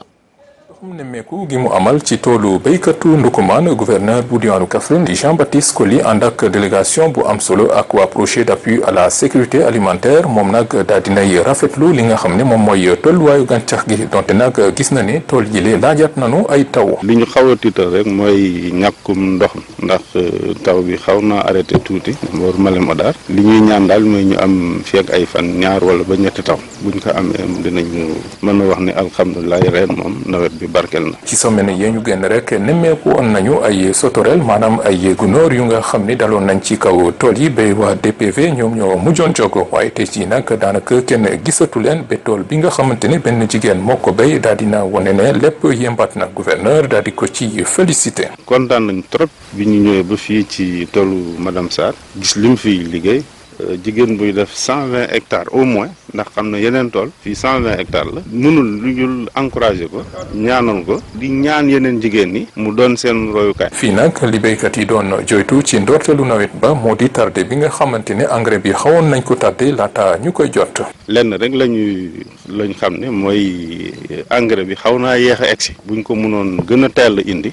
Speaker 13: atum nemmeeku gi mu amal ci toolu béykatu Ndukumaan gouverneur bu diwaanu Kaffrine di Jean-Baptiste Colly ànd ak délégation bu am solo ak waa projet d'appui à la sécurité alimentaire moom nag daal dinay rafetlu li nga xam ne moom mooy tolluwaayu gàncax gi donte nag gis na ne tool yi lee laajaat nanu
Speaker 2: ay taw li ñu xaw a tiital rek mooy ñàkkum ndox ndax euh, taw bi xaw na arrêté tuuti boor Malem Hodar li ñuy ñaan daal mooy ñu am fii ak ay fan ñaar wala ba ñetti taw
Speaker 13: barkeel ci semaine yi ñu génn rek nemmeeku woon nañu ay sotorel maanaam ay gunóor yu nga xam ni daloon nañ ci kaw tool yi ba waa DPV ñoom ñoo mujjoon jogo waaye tey jii nag daanaka kenn gisatu leen ba tool bi nga xamante ne benn jigéen moo ko béy daal dina wane ne lépp yembaat na gouverneur daal di ko ci félicité kon daan nañ trop bi ñu ñëwee ba fii ci toolu madame Sarr gis li mu fiy liggéey jigéen buy
Speaker 2: def cent vingt hectares au moins ndax xam na yeneen tool fii cent vingt hectares la mënul lu ñu
Speaker 13: encouragé ko ñaanal ko di ñaan yeneen jigéen ñi mu doon seen royukaay. fii nag li béykat yi doon joytu ci ndorteelu nawet ba moo di tardé bi nga xamante ne engrais bi xawoon nañ ko tardé laata ñu koy jot. lenn rek la ñuy lañ xam ne mooy
Speaker 2: engrais bi xaw naa yéex a egsi buñ ko mënoon gën a teel indi.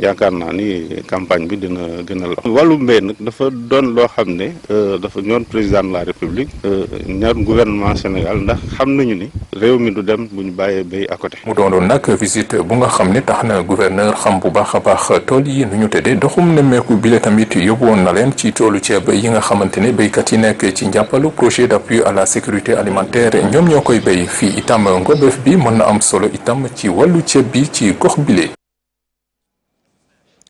Speaker 2: yaakaar naa ni campagne bi dina gën a la wàllu mbéy nag dafa doon loo xam ne euh, dafa ñoon président de la république euh, ñaar gouvernement Sénégal ndax xam nañu ni réew mi du dem bu ñu bàyyee béy à côté
Speaker 13: mu doonoon nag visite bu nga xam ne tax na gouverneur xam bu baax a baax tool yi nu ñu tëddee doxum nemmeeku bile tamit yóbbu woon na leen ci toolu ceeb yi nga xamante ne béykat yi nekk ci njàppalu projet d'appui à la sécurité alimentaire ñoom ñoo koy béy fii itam ngóobeef bi mën na am solo itam ci wàllu ceeb bi ci gox bile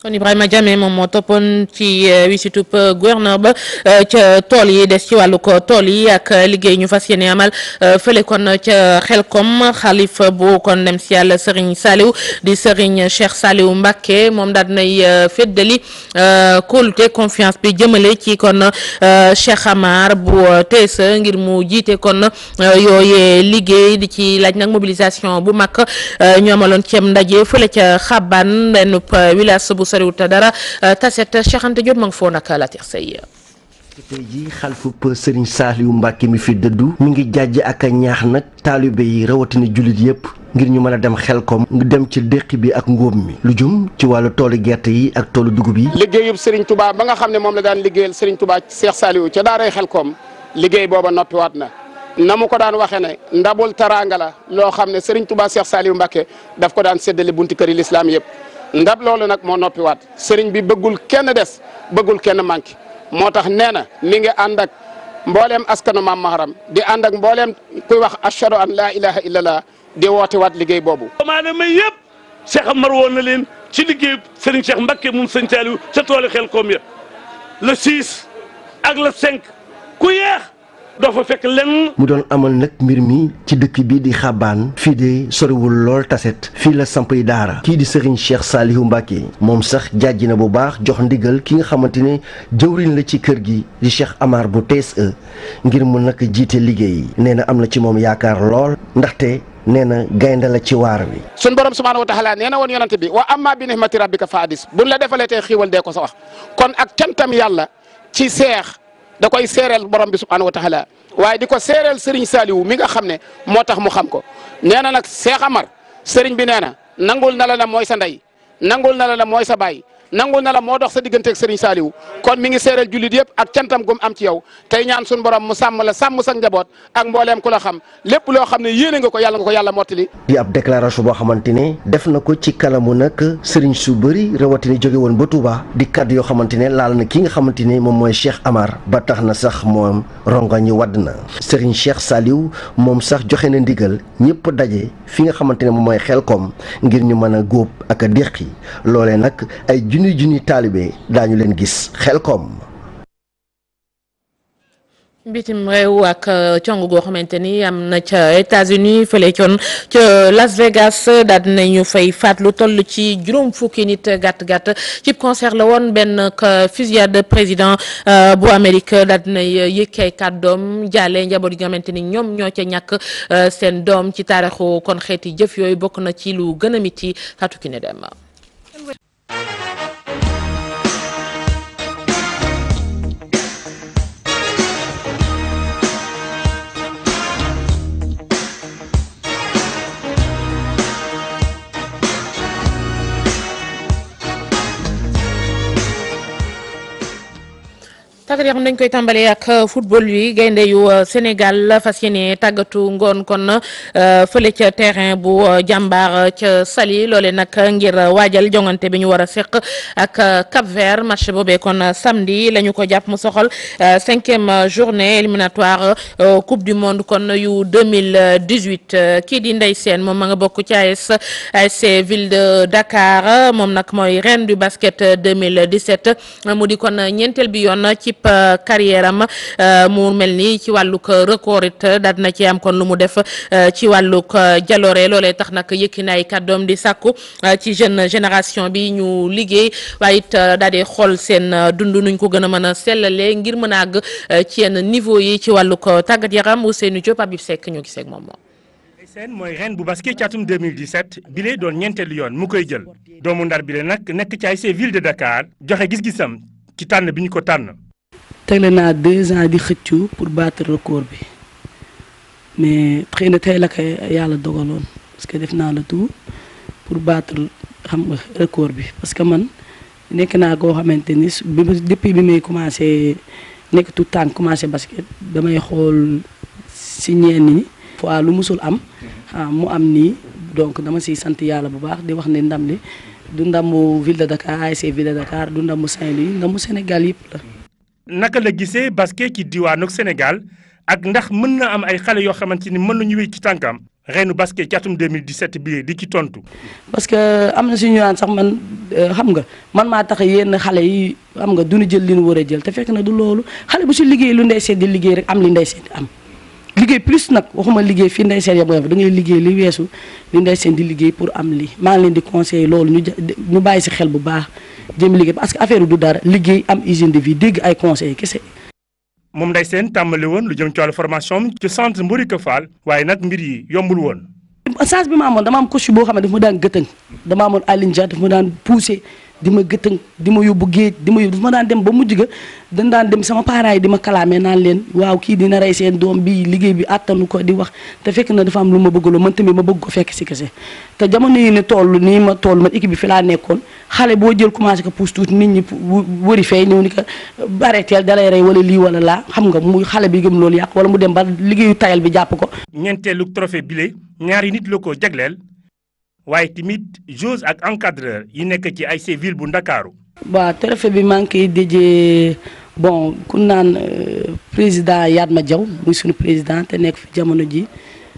Speaker 1: kon Ibrahima Diame moom moo toppoon ci wisitub eh, eh, gouverneur ba eh, ca tool yi des ci wàllu ko tool yi ak liggéey ñu fas yéene amal fële kon ca xelkom xalif bu kon dem si yàlla Serigne Saliou di Serigne Cheikh Saliou Mbacké moom daal dinay feddali kóolute confiance bi jëmale ci kon Cheikh Amar bu TSE ngir mu jiite kon yooyee liggéey di ci laaj nag mobilisation bu mag ñu amaloon ndaje fële ca xaban benn village soriwut dara euh, taset Cheikh Anta Diop ma ngi foo nag latir say xal
Speaker 4: fu xalfub sëriñ Saaliyu Mbàkke mi fi dëddu mu ngi jàjj ak a ñaax nag taalibe yi rawatina jullit yépp ngir ñu mën a dem xel koom dem ci déq bi ak ngóob mi lu jum ci wàllu toolu gerte yi ak toolu dugub yi
Speaker 5: liggéeyub sëriñ tubaa ba nga xam ne moom la daan liggéeyal sëriñ Touba Cheikh Saaliyu ca daaray xel koom liggéey booba waat na na mu ko daan waxee ne ndabul taraanga la loo xam ne sëriñ Touba Cheikh Saaliyu Mbàkke daf ko daan séddale bunti kër yi lislaam yépp ndab loolu nag moo noppiwaat sëriñ bi bëggul kenn des bëggul kenn manqué moo tax nee na mi ngi ànd ak mbooleem askanu maam maharam di ànd ak mbooleem kuy wax ashhadu an laa ilaha illallah di woote waat liggéey boobu
Speaker 12: maanaam yëpp Cheikh Amar woon na leen ci liggéey sëriñ Cheikh Mbacké moom sëriñ Saliou ca toolu xel koom ya le 6 ak le cinq ku yeex doo fa fekk lenn.
Speaker 4: mu doon amal nag mbir mi ci dëkk bi di xabaan fii de sorewul lool taset fii la samp yi daara kii di Serigne Cheikh Saliou Mbacké moom sax jàjji na bu baax jox ndigal ki nga xamante ne jëwriñ la ci kër gi di Cheikh amaar bu TSE ngir mu nag jiite liggéey yi nee na am na ci moom yaakaar lool ndaxte. nee na gaynde la ci waar wi
Speaker 5: sun borom subhaanahu wa taala nee na woon yonante bi wa amma bi nihmati rabbika fa la defalee tey dee ko sa wax kon ak cantam yàlla da koy seereel borom bi subhaanahu wa taala waaye diko ko seereel Serigne saaliwu mi nga xam ne moo tax mu xam ko nee na nag Cheikh Amar Serigne bi nee na nangul na la ne mooy sa ndey nangul na la ne mooy sa baay nangu na la moo dox sa digganteeg Serigne Saliou kon mi ngi seeral jullit yëpp ak cantam gum am ci yow tey ñaan suñu borom mu sàmm la sàmm sa njaboot ak mbooleem ku la xam lépp loo xam ne yéene nga ko yàlla nga ko yàlla mottali.
Speaker 4: di ab déclaration boo xamante ne def na ko ci kanamu nag Serigne su bëri rawatina jóge woon ba Touba di kaddu yoo xamante ne laal na ki nga xamante ne moom mooy Cheikh Amar ba tax na sax moom ronga ñu wadd na Serigne Cheikh Saliou moom sax joxe na ndigal ñëpp daje fi nga xamante ne moom mooy xel koom ngir ñu mën a góob ak a junniy junniy taalibe daañu leen gis Xelcom.
Speaker 1: bitim réew ak uh, cong goo xamante ni am na ca États-Unis fële coon ca Las Vegas daal dinañu fay faat lu toll ci juróom fukki nit gàtt gàtt cib concert la woon benn fusillade président uh, bu Amérique daal dinay yëkkay doom jaale njaboot yi nga xamante ni ñoom ñoo ca ñàkk uh, seen doom ci taarixu kon xeeti jëf yooyu bokk na ci lu gën miti xatu ki ne dem tàggat yaram dañ koy tàmbalee ak euh, football yi gaynde yu euh, Sénégal fas yéene tàggatu ngoon kon euh, fële ca terrain bu jàmbaar ca sali loole nag ngir waajal jongante bi ñu war a seq ak Cap Vert marché boobe kon samedi la ñu ko jàpp mu soxal cinquième journée éliminatoire coupe du monde kon yu 2018 kii di Ndeye Sène moom ma nga bokk ca AS ASC ville de Dakar moom nag mooy reine du basket 2017 mu di kon ñeenteel bi yoon cib euh, carrière am euh, mu mel ni ci wàllug record it euh, daal na ci am kon lu mu def ci wàllug jaloore loolee tax nak yëkki na ay kàddoom di sàkku ci jeune génération bi ñu liggéey waaye it daal di xool seen dund nuñ ko gën a mën a sellalee ngir mën a àgg ci yenn niveau yi ci wàllug tàggat yaram Ousseynou Diop Habib Seck ñoo gisee ak moom moom.
Speaker 12: seen mooy ren bu basket ci atum 2017 bile doon ñeenteelu yoon mu koy jël doomu ndar bile nag nekk ci ay ville de Dakar joxe gis-gisam bi ko tànn.
Speaker 14: tegle naa deux ans di xëccu pour battre record bi mais xëy na tey la ko yàlla dogaloon parce que def naa la tout pour battre xam nga record bi parce que man nekk naa koo xamante ni depuis bi may commencé nekk tout temps commencé basket damay xool si ñeen ñi fois lu musul am ah, mu am nii donc dama siy sant yàlla bu baax di wax ne ndam li du ndamu ville de Dakar ASC ville de du du ndamu Saint-Louis mu Sénégal yëpp la
Speaker 12: naka la gisee basket ci diwaanu Sénégal ak ndax mën na am ay xale yoo xamante ni mën nañu wéy ci tànkam reenu basket ci atum 2017 bii di
Speaker 14: ci tontu. parce que euh, am na suñu naan sax man euh, xam nga man maa tax yenn xale yi xam nga du duñu jël li ñu war a jël te fekk na du loolu xale bu si liggéey lu ndey seet di liggéey rek am li ndey seet di am. liggéey plus nag waxuma liggéey fii ndey seen yam da ngay liggéey li weesu li ndey seen di liggéey pour am li maa ngi leen di conseiller loolu ñu ñu bàyyi si xel bu baax jéem liggéey parce que affaire du dara liggéey am hygiène de vie dégg ay conseils kese.
Speaker 12: moom Ndeye Sène tàmbali woon lu jëm ci wàllu formation ci centre Mbourika Fall waaye nag mbir yi yombul woon.
Speaker 14: chance bi ma amoon dama am coach boo xam ne daf ma daan gëtëng dama amoon Alioune Dia daf ma daan poussé. di ma gëtëng di ma yóbbu géej di ma yóbbu ma daan dem ba mu ga dañ daan dem sama parents yi di ma kalaamee naan leen waaw kii dina rey seen doom bi liggéey bi àttanu ko di wax te fekk na dafa am lu ma bëggaloo man tamit ma bëgg ko fekk si kese te jamono yi ne toll nii ma toll man équipe fi laa nekkoon xale boo jël commencé ko pousse tuuti nit ñi wëri fee ñëw ni ko bareeteel dalay rey wala lii wala laa xam nga muy xale bi gëm loolu yàq wala mu dem ba liggéeyu tayal bi jàpp ko
Speaker 12: ñeenteelu trophée bile ñaari nit la ko jagleel waaye tamit jose ak encadreur yi nekk ci ay ville bu ndakaaru
Speaker 14: waaw trophée bi maa ngi koy déjee bon ku naan euh, président Yatma Diaw muy suñu président te nekk fi jamono ji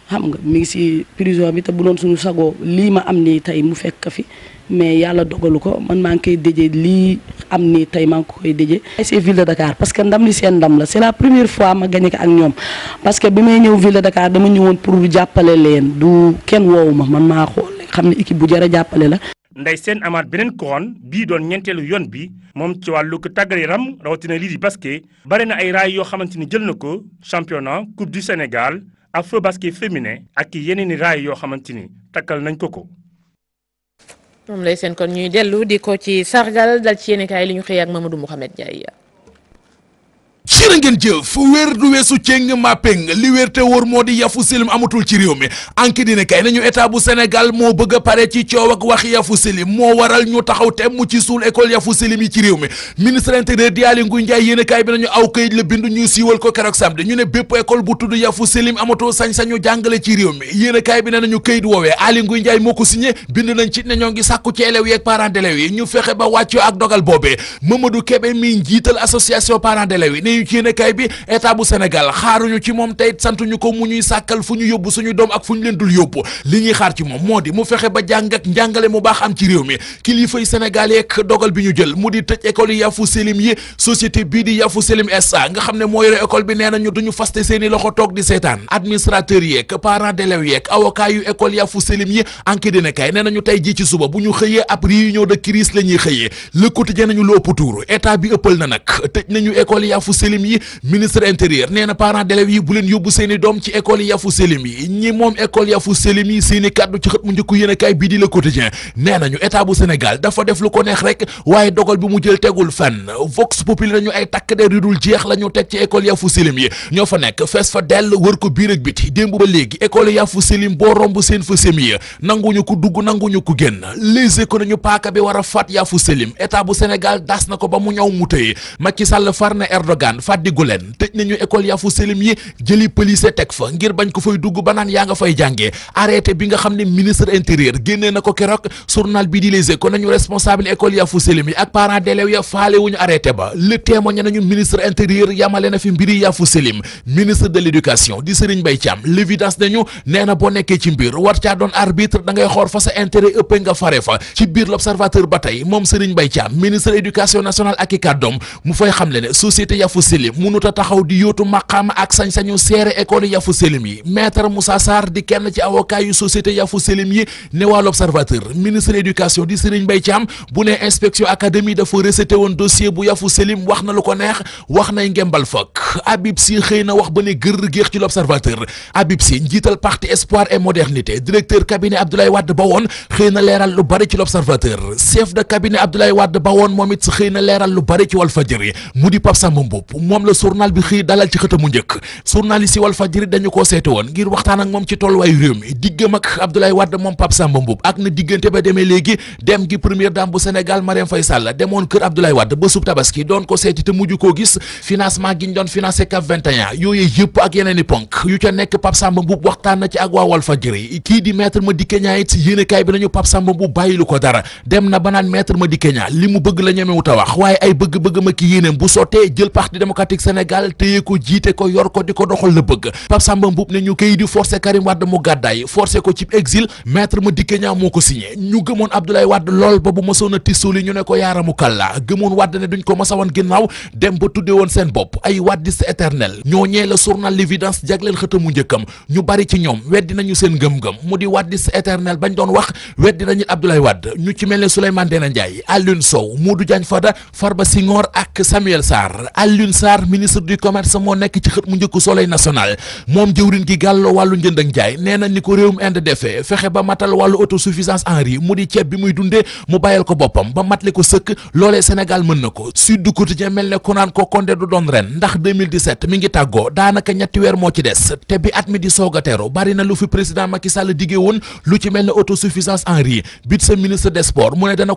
Speaker 14: xam nga mi ngi si prison bi te bu doon suñu sagoo lii ma am nii tey mu fekk fi mais yàlla dogalu ko man maa ngi koy déjee lii am nii tey maa ngi koy déjee ASC ville de parce que ndam li seen ndam la c'est la première fois ma gagné ak ñoom parce que bi may ñëw ville de Dakar dama ñëwoon pour jàppale leen du kenn woowu ma man maa xool xam ne équipe bu jar a jàppale la.
Speaker 12: nday Sène amaat beneen couronne bii doon ñeenteelu yoon bi moom ci wàllu tàggat yaram rawatina lii di basket bare na ay raay yoo xamante ni jël na ko championnat coupe du Sénégal afro basket féminin ak yeneen i raay yoo xamante ni takkal nañ ko
Speaker 1: ko. moom lay seen kon ñuy dellu di ko ci sargal dal ci yéen li ñu xëy ak Mamadou Mouhamed Ndiaye.
Speaker 15: ngeen jëf wér du weesu céng mappéng li wér te wóor moo di yafu silim amatul ci réew mi anki dina kay nañu état bu Sénégal moo bëgg a pare ci coow ak wax yafu silim moo waral ñu taxaw temm ci suul école yafu silim yi ci réew mi ministre intérieur di Aly Ngouille Ndiaye yéen kaay bi nañu aw këyit la bindu ñu siiwal ko keroog samedi ñu ne bépp école bu tudd yafu silim amatul sañ-sañu jàngale ci réew mi yéen kaay bi ne nañu këyit woowee Aly Ngouille Ndiaye moo ko signé bind nañ ci ne ñoo ngi sàkku ci élèves yi ak parents d'élèves yi ñu fexe ba wàccoo ak dogal boobee Mamadou Kébé mi njiital association parents d'élèves yi yéenekaay bi état bu Sénégal xaaruñu ci moom tey santuñu ko mu ñuy sàkkal fu ñu yóbbu suñu doom ak fu ñu leen dul yóbbu li ñuy xaar ci moom moo di mu fexe ba jàng ak njàngale mu baax am ci réew mi kilifay Sénégal yeeg dogal bi ñu jël mu di tëj école yi Yafu Selim yi société bii di Yafu Selim SA nga xam ne moo yore école bi nee nañu duñu faste seeni loxo toog di seetaan administrateur yeeg parents d'élèves yeeg avocat yu école Yafu Selim yi enquête dina kay nee nañu tey ji ci suba bu ñu xëyee ab réunion de crise la ñuy xëyee Le Quotidien nañu lu ëpp tuuru état bi ëppal na nag tëj nañu école Yafu Selim yi ministre intérieur nee na parents yi bu leen yóbbu seeni doom ci école Yafu Selim yi ñi moom école Yafu Selim yi seeni kàddu ci xët mu njëkk yéenekaay bii di Le Quotidien nee nañu état bu Sénégal dafa def lu ko neex rek waaye dogal bi mu jël tegul fenn Vox Populi nañu ay takk der yu dul jeex la ñu teg ci école Yafu Selim yi ñoo fa nekk fees fa dell wër ko biir ak biti démb ba léegi école Yafu Selim boo romb seen fa sem yi nanguñu ko dugg a faat Yafu Selim état bu na ba mu ñëw mu tëye Macky Sall far leen tëj nañu école yaa fu yi jëli police teg fa ngir bañ ko fay dugg ba yaa nga fay jàngee arrêté bi nga xam ne ministre intérieur génnee na ko keroog journal bi di Les Échos nañu responsable école yaa fu yi ak parents d'élèves ya faale wuñu arrêté ba le témoigné nañu ministre intérieur yamale na fi mbiri yaa fu ministre de l'éducation di Serigne Mbaye Thiam l'évidence nañu nee na boo nekkee ci mbir war caa doon arbitre da ngay fa sa intérêt i kàddoom mu fay munut a taxaw di yóotu maqaama ak sañ-sañu seere école yafu selim yi maître Moussa Sarr di kenn ci avocat yu société yafu selim yi ne waa l'observateur ministre éducation di Serigne Mbaye Thiam bu ne inspection académie dafa rejeté woon dossier bu yafu selim wax na lu ko neex wax nay ngembal fokk Habib si xëy na wax ba ne gër géex ci l'observateur Habib Sy njiital parti espoir et modernité directeur cabinet Abdoulaye wadd ba woon xëy na leeral lu bari ci l'observateur chef de cabinet Abdoulaye Wade ba woon moom it xëy na leeral lu bari ci Walfadjri mu di Pape Samba la journal bi xëy dalal ci xëtamu njëkk journaliste yi Walfadjri dañu koo seete woon ngir waxtaan ak moom ci tolluwaayu réew mi diggam ak Abdoulaye Wade moom Pape Samba Mboup ak na diggante ba demee léegi dem gi première dame bu Sénégal Marième Faye Sall demoon kër Abdoulaye Wade ba sub tabaski doon ko seeti te mujj koo gis financement gi ñu doon financé CAP 21 yooyu yëpp ak yeneen i ponk yu ca nekk Pape Samba Mboup waxtaan na ci ak waa Walfadjri kii di maître Madické Niang it bi nañu Pape Samba Mboup bàyyilu ko ba naan maître Madické Niang li la ñemewut a ki Sénégal téye ko jiite ko yor ko di ko doxal la bëgg Pape Samba Mboup ne ñu kayit di forcé Karim Wade mu gàddaay forcé ko ci exil maître Madické Niang moo ko signé ñu gëmoon Abdoulaye Wade lool ba bu mësoon a tissuuli ñu ne ko yaaramu kàlla gëmoon wadd ne duñ ko mësa woon ginnaaw dem ba tuddee woon seen bopp ay waddiste éternel ñoo ñee la journal l'évidence jagleen xëtamu njëkkam ñu bari ci ñoom weddi nañu seen ngëm-ngëm mu di waddiste éternel bañ doon wax weddi nañu Abdoulaye Wade ñu ci mel ne Souleymane Ndéné Ndiaye Alioune Sow Modou Diagne Fada Farba Senghor ak Samuel Sarr Alioune Sarr ministre du commerce moo nekk ci xët mu njëkku soleil national moom jëwrin gi gàllo wàllu njënd ak njaay nee na ni ko réewum Inde defee fexe ba matal wàllu autosuffisance en riz mu di ceeb bi muy dundee mu bàyyal ko boppam ba matli ko sëkk loolee Sénégal mën na ko Sud Quotidien mel ne ku naan ko Condé du doon ren ndax 2017 mi ngi tàggoo daanaka ñetti weer moo ci des te bi at mi di soog a teru bari na lu fi président Macky Sall diggee woon lu ci mel ne autosuffisance en riz bit sa ministre des sports mu ne dana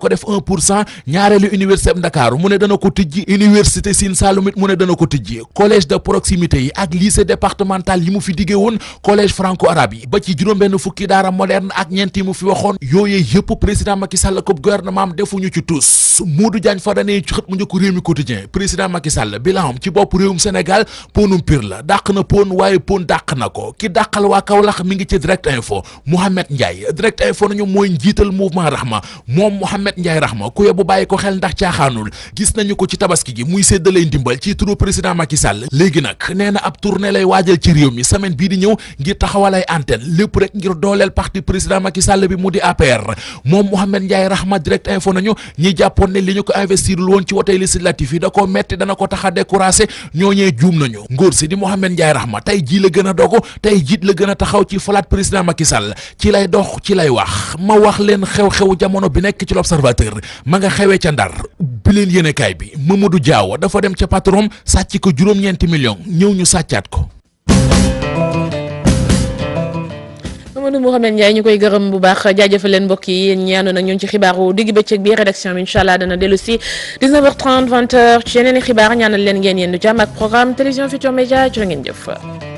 Speaker 15: ko tijji collège de proximité yi ak lycée départemental yi mu fi diggee woon collège franco arabe yi ba ci juróom-benn fukki daara moderne ak ñeent mu fi waxoon yooyee yëpp président Macky Sall ko gouvernement am defuñu ci tous L'As Modou Diagne Fada ne ci xët mu njëkk réew mi quotidien président Macky Sall bilaam ci bopp réewum la na pon waaye pon na ko ki dàqal waa Kaolack mi ngi ci direct info Mouhamed Ndiaye direct info nañu mooy njiital mouvement Rahma moom Mouhamed Ndiaye Rahma ku yebbu bàyyi ko xel ndax caaxaanul gis nañu ko ci tabaski gi muy séddalay ndimbal ci turu président Macky Sall léegi nag nee na ab tournée lay waajal ci réew mi semaine bii di ñëw ngir taxawal ay antenne lépp rek ngir dooleel parti président Macky Sall bi mu di APR moom Mouhamed Ndiaye Rahma direct info nañu ñi jàpp jàppoon ne li ñu ko investir lu woon ci wote législatif yi da ko metti dana ko tax a découragé ñooñee juum nañu ngóor si di Mohamed Ndiaye Rahma tey jii la gën a dogu tey jiit la gën a taxaw ci falaat président Macky Sall ci lay dox ci lay wax ma wax leen xew-xew jamono bi nekk ci l'observateur ma nga xewee ca ndar bi leen yéenekaay bi Mamadou Diaw dafa dem ca patron sàcc ko juróom-ñeenti million ñëw ñu sàccaat ko
Speaker 1: Mamadou Mouhamed Ndiaye ñu koy gërëm bu baax jaajëfal leen mbokk yi yéen ñun ci xibaaru digg bëccëg bi rédaction bi incha allah dana dellu si 19h30 ci yeneen xibaar ñaanal leen ngeen yendu jàmm ak programme télévision Futurs Médias jërë ngeen jëf.